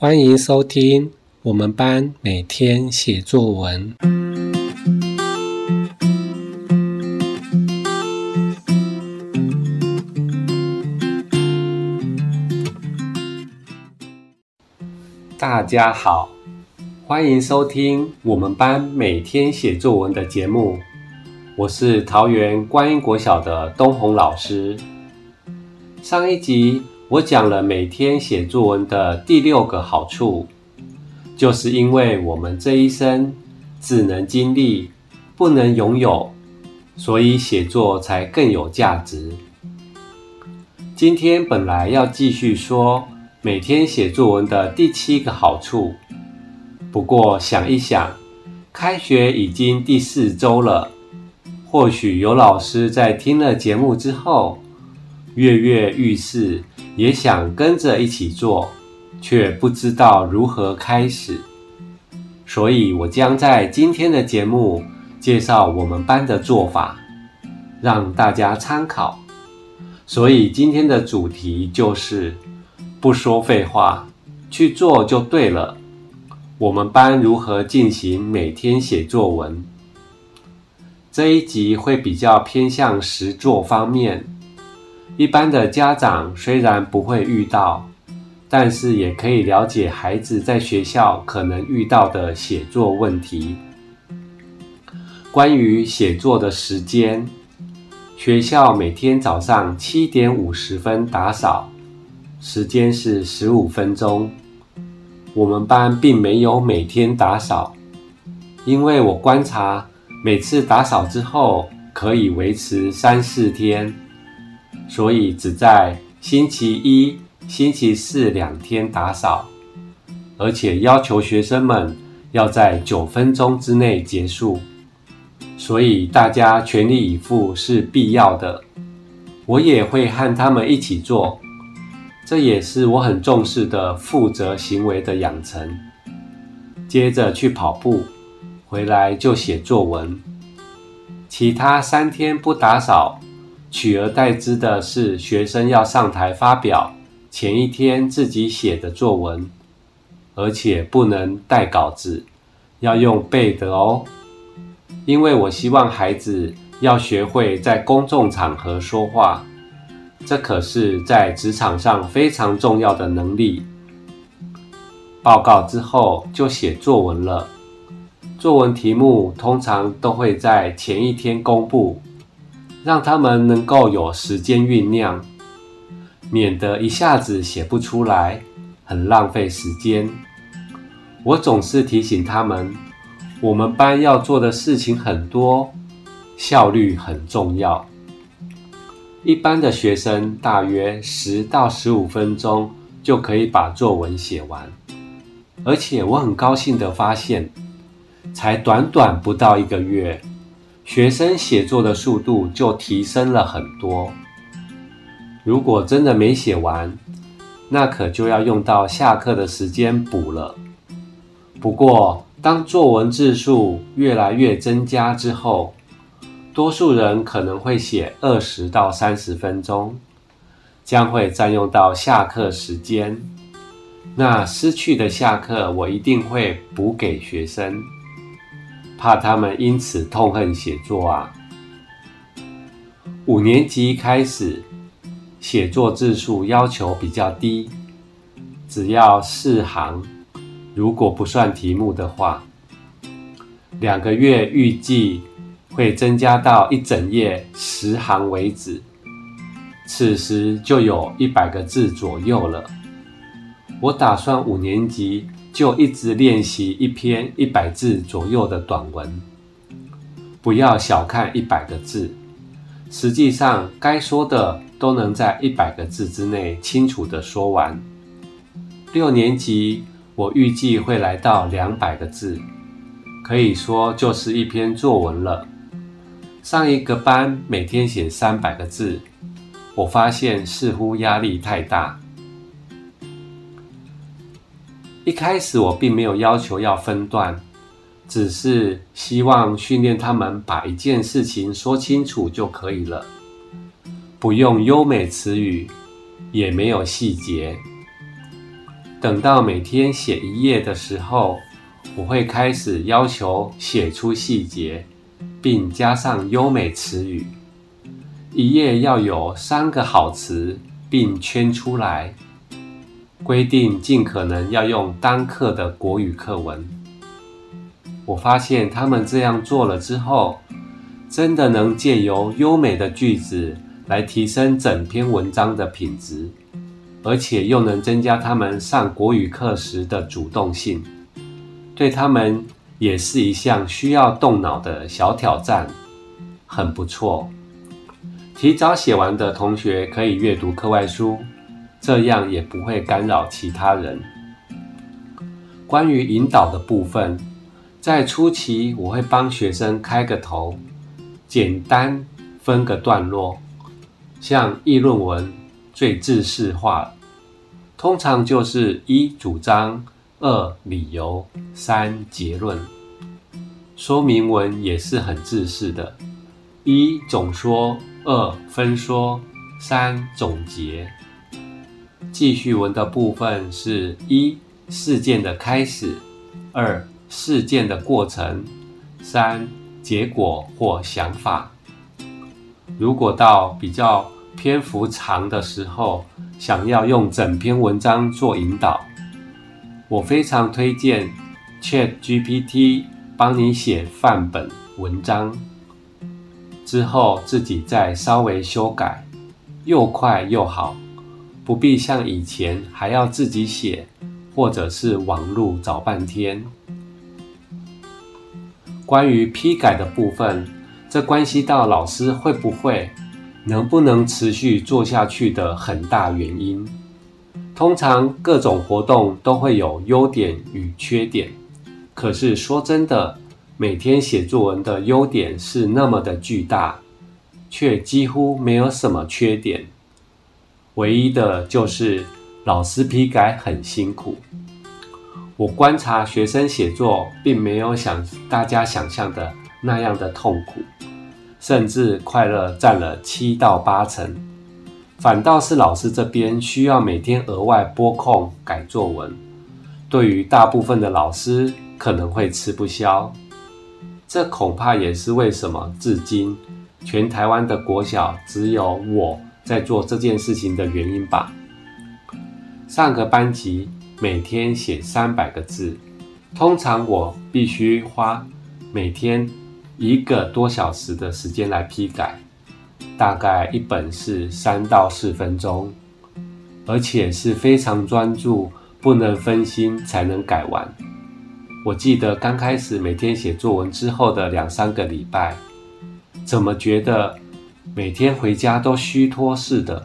歡迎收聽我們班每天寫作文。大家好，歡迎收聽我們班每天寫作文的節目。我是桃園觀音國小的東宏老師。上一集。我講了每天寫作文的第六個好處，就是因為我們這一生只能經歷，不能擁有，所以寫作才更有價值。今天本來要繼續說每天寫作文的第七個好處，不過想一想，開學已經第四周了，或許有老師在聽了節目之後躍躍欲試。躍躍也想跟着一起做，卻不知道如何開始，所以我將在今天的節目介紹我們班的做法，讓大家參考。所以今天的主題就是不說廢話，去做就對了。我們班如何進行每天寫作文？這一集會比較偏向實作方面。一般的家長雖然不會遇到，但是也可以了解孩子在學校可能遇到的寫作問題。關於寫作的時間，學校每天早上七點五十分打掃，時間是十五分鐘。我們班並沒有每天打掃，因為我觀察，每次打掃之後可以維持三四天。所以只在星期一、星期四兩天打掃，而且要求學生們要在九分鐘之內結束，所以大家全力以赴是必要的。我也會和他們一起做，這也是我很重視的負責行為的養成。接着去跑步，回來就寫作文，其他三天不打掃。取而代之的是，學生要上台發表前一天自己寫的作文，而且不能帶稿子，要用背的哦。因為我希望孩子要學會在公眾場合說話，這可是在職場上非常重要的能力。報告之後就寫作文了，作文題目通常都會在前一天公布。讓他們能夠有時間醞釀，免得一下子寫不出來，很浪費時間。我總是提醒他們，我們班要做的事情很多，效率很重要。一般的學生大約十到十五分鐘就可以把作文寫完，而且我很高興地發現，才短短不到一個月，學生寫作的速度就提升了很多。如果真的沒寫完，那可就要用到下課的時間補了。不過，當作文字數越來越增加之後，多數人可能會寫二十到三十分鐘，將會佔用到下課時間。那失去的下課，我一定會補給學生。怕他們因此痛恨寫作啊。五年級開始，寫作字數要求比較低，只要四行。如果不算題目的話，兩個月預計會增加到一整頁十行為止，此時就有一百個字左右了。我打算五年級。就一直練習一篇一百字左右的短文，不要小看一百個字，實際上該說的都能在一百個字之內清楚地說完。六年級我預計會來到兩百個字，可以說就是一篇作文了。上一個班每天寫三百個字，我發現似乎壓力太大。一開始我並沒有要求要分段，只是希望訓練他們把一件事情說清楚就可以了，不用優美詞語，也沒有細節。等到每天寫一頁的時候，我會開始要求寫出細節，並加上優美詞語，一頁要有三個好詞，並圈出來。規定盡可能要用單課的國語課文。我發現他們這樣做了之後，真的能借由優美的句子來提升整篇文章的品質，而且又能增加他們上國語課時的主動性。對他們也是一項需要動腦的小挑戰，很不錯。提早寫完的同學可以閱讀課外書。這樣也不會干擾其他人。關於引導的部分。在初期我會幫學生開個頭，簡單分個段落。像議論文最制式化，通常就是一主張，二理由，三結論。說明文也是很制式的，一總說，二分說，三總結。記敘文的部分是一事件的開始，二事件的過程，三結果或想法。如果到比較篇幅長的時候，想要用整篇文章做引導，我非常推薦 ChatGPT 幫你寫範本文章，之後自己再稍微修改，又快又好。不必像以前還要自己寫，或者是網絡找半天。關於批改的部分，這關係到老師會不會、能不能持續做下去的很大原因。通常各種活動都會有優點與缺點，可是說真的，每天寫作文的優點是那麼的巨大，卻幾乎沒有什麼缺點。唯一的就是老師批改很辛苦。我觀察學生寫作，並沒有想大家想象的那樣的痛苦，甚至快樂佔了七到八成。反倒是老師這邊需要每天額外撥空改作文，對於大部分的老師可能會吃不消。這恐怕也是為什麼至今全台灣的國小只有我。在做這件事情的原因吧。上個班級每天寫三百個字，通常我必須花每天一個多小時的時間來批改，大概一本是三到四分鐘，而且是非常專注，不能分心才能改完。我記得剛開始每天寫作文之後的兩三個禮拜，怎麼覺得？每天回家都虛脫似的，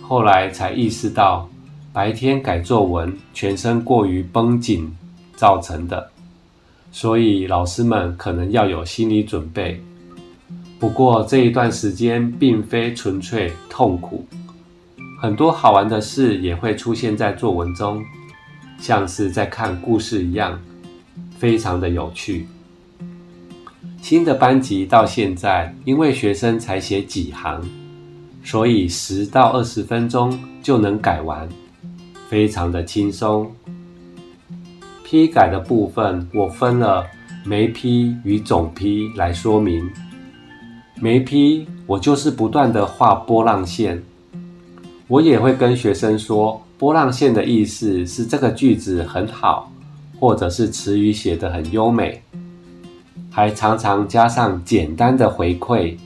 後來才意識到白天改作文全身過於繃緊造成的，所以老師們可能要有心理準備。不過這一段時間並非純粹痛苦，很多好玩的事也會出現在作文中，像是在看故事一樣，非常的有趣。新的班級到現在，因為學生才寫幾行，所以十到二十分鐘就能改完，非常的輕鬆。批改的部分，我分了眉批與總批來說明。眉批我就是不斷的畫波浪線，我也會跟學生說，波浪線的意思是這個句子很好，或者是詞語寫得很優美。還常常加上簡單的回饋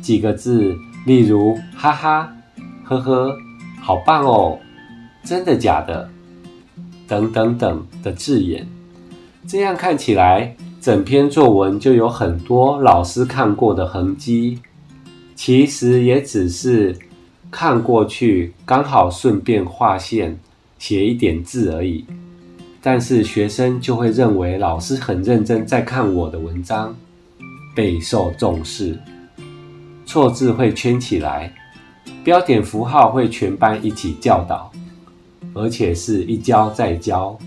幾個字，例如“哈哈”、“呵呵”、“好棒哦”、“真的假的”等等等的字眼，這樣看起來，整篇作文就有很多老師看過的痕跡。其實也只是看過去，剛好順便畫線寫一點字而已。但是學生就會認為老師很認真在看我的文章，備受重視。錯字會圈起來，標點符號會全班一起教導，而且是一教再教。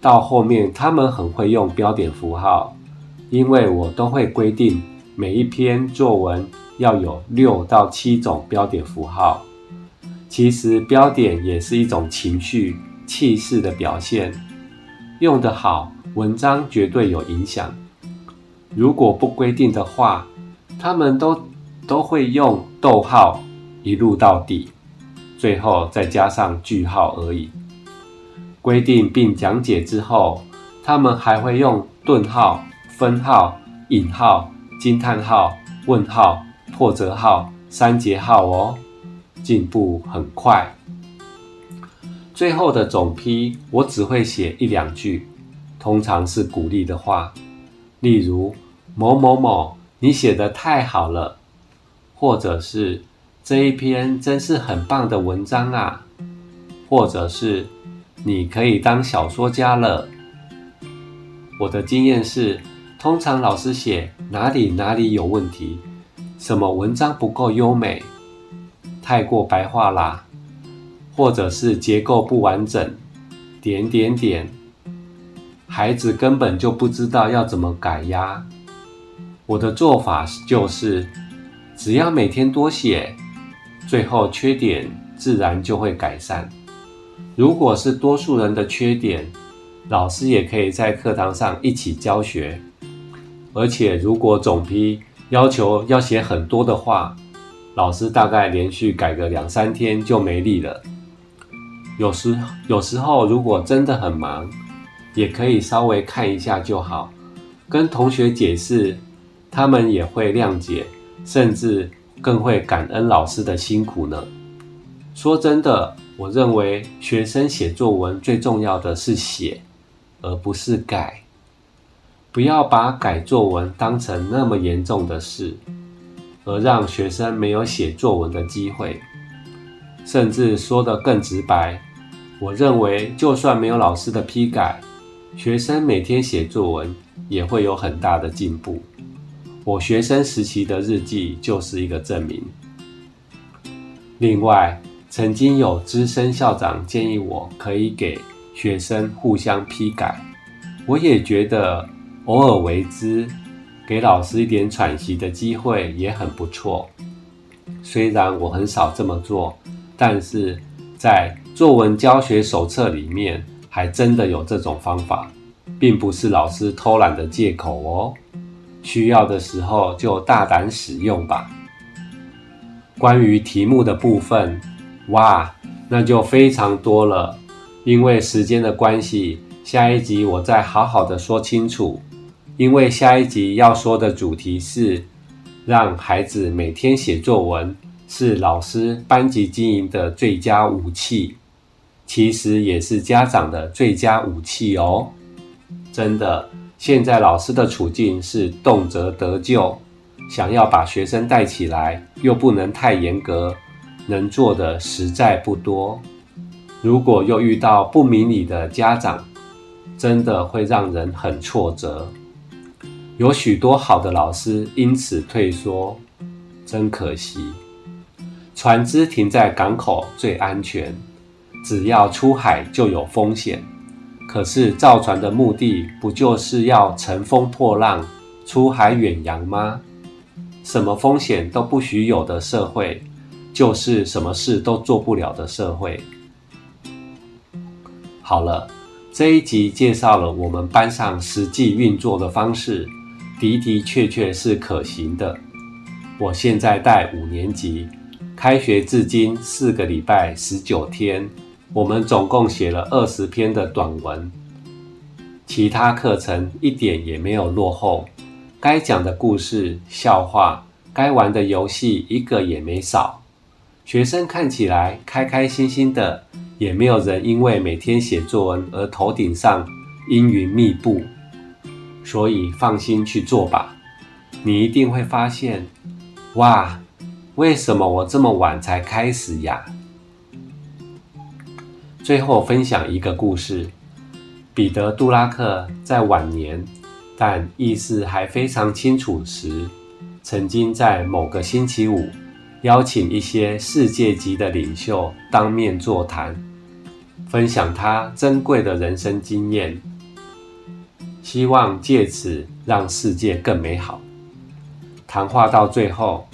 到後面他們很會用標點符號，因為我都會規定每一篇作文要有六到七種標點符號。其實標點也是一種情緒氣勢的表現。用得好，文章絕對有影響。如果不規定的話，他們都都會用逗號一路到底，最後再加上句號而已。規定並講解之後，他們還會用頓號、分號、引號、驚嘆號、問號、破折號、三節號哦，進步很快。最後的總批，我只會寫一兩句，通常是鼓勵的話，例如某某某，你寫得太好了，或者是這一篇真是很棒的文章啊，或者是你可以當小說家了。我的經驗是，通常老師寫哪裡哪裡有問題，什麼文章不夠優美，太過白話啦。或者是結構不完整，點點點，孩子根本就不知道要怎麼改呀？我的做法就是，只要每天多寫，最後缺點自然就會改善。如果是多數人的缺點，老師也可以在課堂上一起教學。而且，如果總批要求要寫很多的話，老師大概連續改個兩三天就沒力了。有時，有時候如果真的很忙，也可以稍微看一下就好。跟同學解釋，他們也會諒解，甚至更會感恩老師的辛苦呢。說真的，我認為學生寫作文最重要的是寫，而不是改。不要把改作文當成那麼嚴重的事，而讓學生沒有寫作文的機會。甚至說得更直白。我認為，就算沒有老師的批改，學生每天寫作文也會有很大的進步。我學生時期的日記就是一個證明。另外，曾經有資深校長建議我可以給學生互相批改，我也覺得偶爾為之，給老師一點喘息的機會也很不錯。雖然我很少這麼做，但是在作文教學手冊裡面還真的有這種方法，並不是老師偷懶的借口哦。需要的時候就大膽使用吧。關於題目的部分，哇，那就非常多了。因為時間的關係，下一集我再好好的說清楚。因為下一集要說的主題是，讓孩子每天寫作文，是老師班級經營的最佳武器。其實也是家長的最佳武器哦，真的。現在老師的處境是動輒得咎，想要把學生帶起來又不能太嚴格，能做的實在不多。如果又遇到不明理的家長，真的會讓人很挫折。有許多好的老師因此退縮，真可惜。船隻停在港口最安全。只要出海就有風險，可是造船的目的不就是要乘風破浪、出海遠洋嗎？什麼風險都不許有的社會，就是什麼事都做不了的社會。好了，這一集介紹了我們班上實際運作的方式，的的確確是可行的。我現在帶五年級，開學至今四個禮拜十九天。我們總共寫了二十篇的短文，其他課程一點也沒有落後，該講的故事、笑話，該玩的遊戲一個也沒少。學生看起來開開心心的，也沒有人因為每天寫作文而頭頂上陰雲密佈。所以放心去做吧，你一定會發現，哇，為什麼我這麼晚才開始呀？最後分享一個故事：彼得·杜拉克在晚年，但意識還非常清楚時，曾經在某個星期五邀請一些世界級的領袖當面座談，分享他珍貴的人生經驗，希望借此讓世界更美好。談話到最後，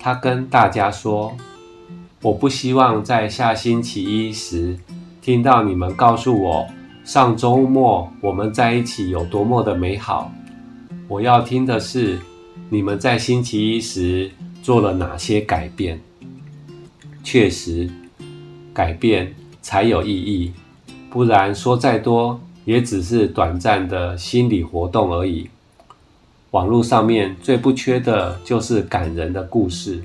他跟大家說：“我不希望在下星期一時。”聽到你們告訴我上周末我們在一起有多麽的美好，我要聽的是你們在星期一時做了哪些改變。確實，改變才有意義，不然說再多也只是短暫的心理活動而已。網絡上面最不缺的就是感人的故事，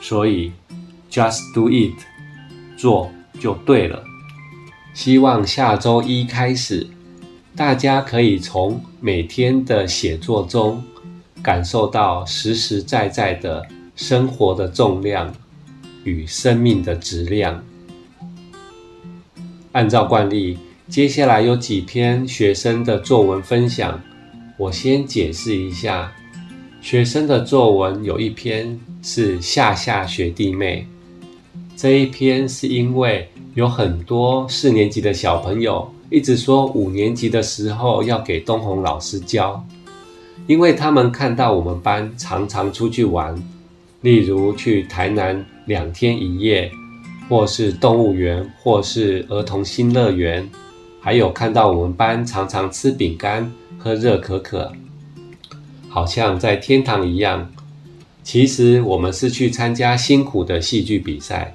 所以，Just do it，做就對了。希望下週一開始，大家可以從每天的寫作中，感受到實實在在的生活的重量，與生命的質量。按照慣例，接下來有幾篇學生的作文分享，我先解釋一下。學生的作文有一篇是下下學弟妹，這一篇是因為。有很多四年級的小朋友一直說五年級的時候要給東紅老師教，因為他們看到我們班常常出去玩，例如去台南兩天一夜，或是動物園，或是兒童新樂園，還有看到我們班常常吃餅乾、喝熱可可，好像在天堂一樣。其實我們是去參加辛苦的戲劇比賽。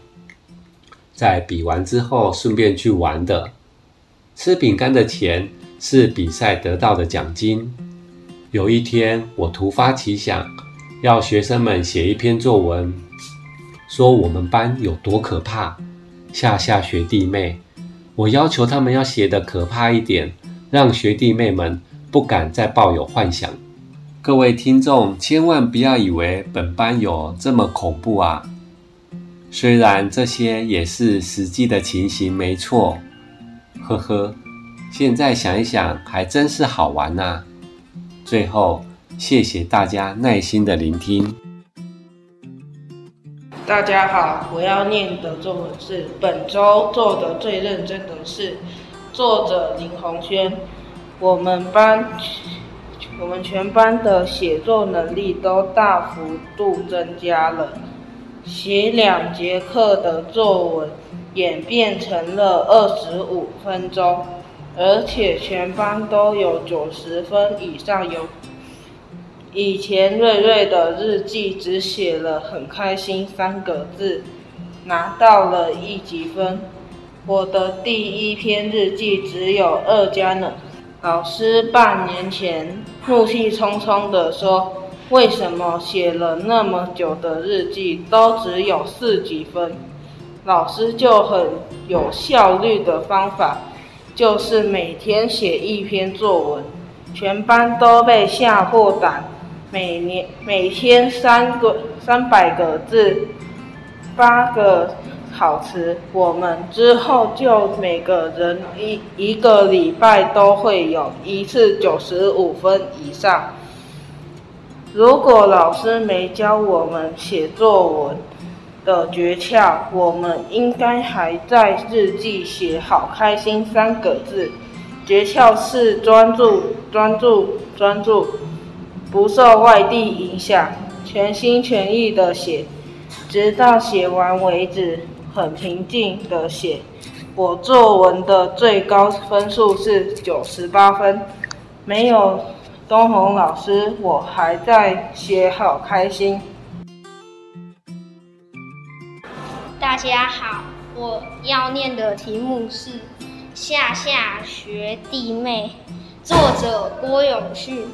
在比完之後，順便去玩的。吃餅乾的錢是比賽得到的獎金。有一天，我突發奇想，要學生們寫一篇作文，說我們班有多可怕。嚇嚇學弟妹，我要求他們要寫得可怕一點，讓學弟妹們不敢再抱有幻想。各位聽眾，千萬不要以為本班有這麼恐怖啊！雖然這些也是實際的情形，沒錯。呵呵，現在想一想，還真是好玩吶、啊。最後，謝謝大家耐心的聆聽。大家好，我要念的作文是本周做的最認真的事，作者林紅軒。我們班，我們全班的寫作能力都大幅度增加了。寫兩節課的作文演變成了二十五分鐘，而且全班都有九十分以上喲。以前瑞瑞的日記只寫了很開心三個字，拿到了一級分。我的第一篇日記只有二加呢。老師半年前怒氣沖沖地說。為什麼寫了那麼久的日記都只有四級分？老師就很有效率的方法，就是每天寫一篇作文，全班都被嚇破膽。每年每天三個三百個字，八個好詞，我們之後就每個人一一個禮拜都會有一次九十五分以上。如果老師沒教我們寫作文的訣竅，我們應該還在日記寫“好開心”三個字。訣竅是專注、專注、專注，不受外地影響，全心全意的寫，直到寫完為止。很平靜的寫。我作文的最高分數是九十八分，沒有。東紅老師，我還在寫，好開心。大家好，我要念的題目是《下下學弟妹》，作者郭永旭。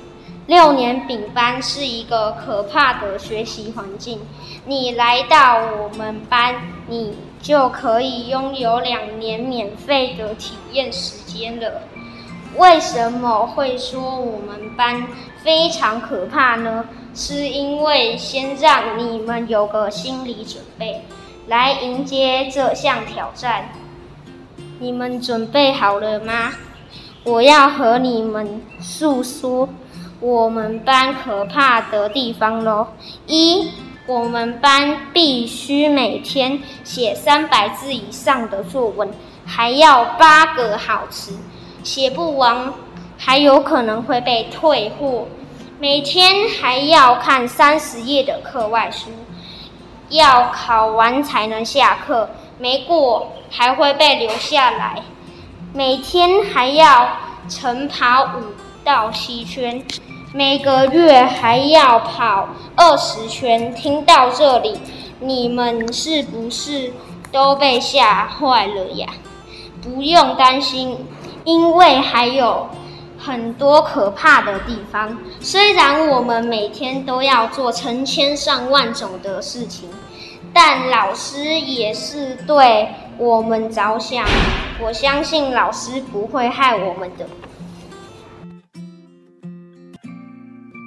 六年丙班是一個可怕的學習環境。你來到我們班，你就可以擁有兩年免費的體驗時間了。為什麼會說我們班非常可怕呢？是因為先讓你們有個心理準備，來迎接這項挑戰。你們準備好了嗎？我要和你們訴說我們班可怕的地方嘍。一，我們班必須每天寫三百字以上的作文，還要八個好詞。寫不完，還有可能會被退貨。每天還要看三十頁的課外書，要考完才能下課。沒過還會被留下來。每天還要晨跑五到七圈，每個月還要跑二十圈。聽到這裡，你們是不是都被嚇壞了呀？不用擔心。因為還有很多可怕的地方。雖然我們每天都要做成千上萬種的事情，但老師也是對我們着想。我相信老師不會害我們的。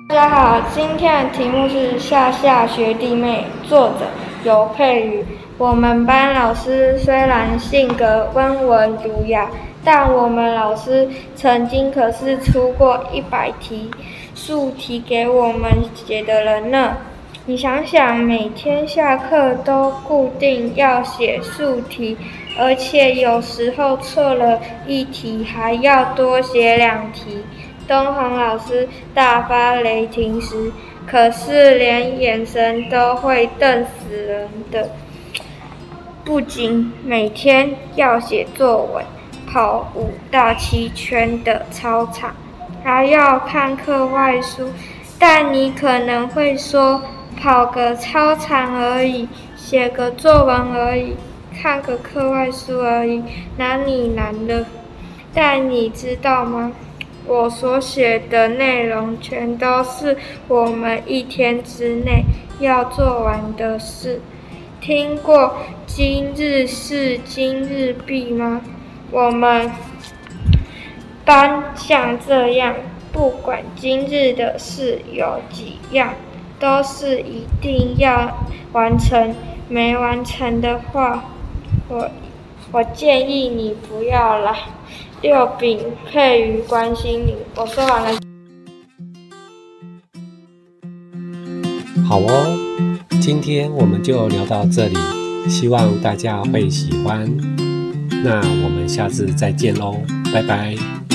大家好，今天的題目是《夏夏學弟妹》，作者尤佩宇。我們班老師雖然性格溫文儒雅。但我們老師曾經可是出過一百題數題給我們寫的人呢！你想想，每天下課都固定要寫數題，而且有時候錯了一題還要多寫兩題。東紅老師大發雷霆時，可是連眼神都會瞪死人的。不僅每天要寫作文。跑五到七圈的操場，還要看課外書。但你可能會說，跑個操場而已，寫個作文而已，看個課外書而已，哪裡難了？但你知道嗎？我所寫的內容全都是我們一天之內要做完的事。聽過“今日事今日畢”嗎？我們班像這樣，不管今日的事有幾樣，都是一定要完成。沒完成的話，我我建議你不要了。六餅配魚關心你，我說完了。好哦，今天我們就聊到這裡，希望大家會喜歡。那我們下次再見嘍，拜拜。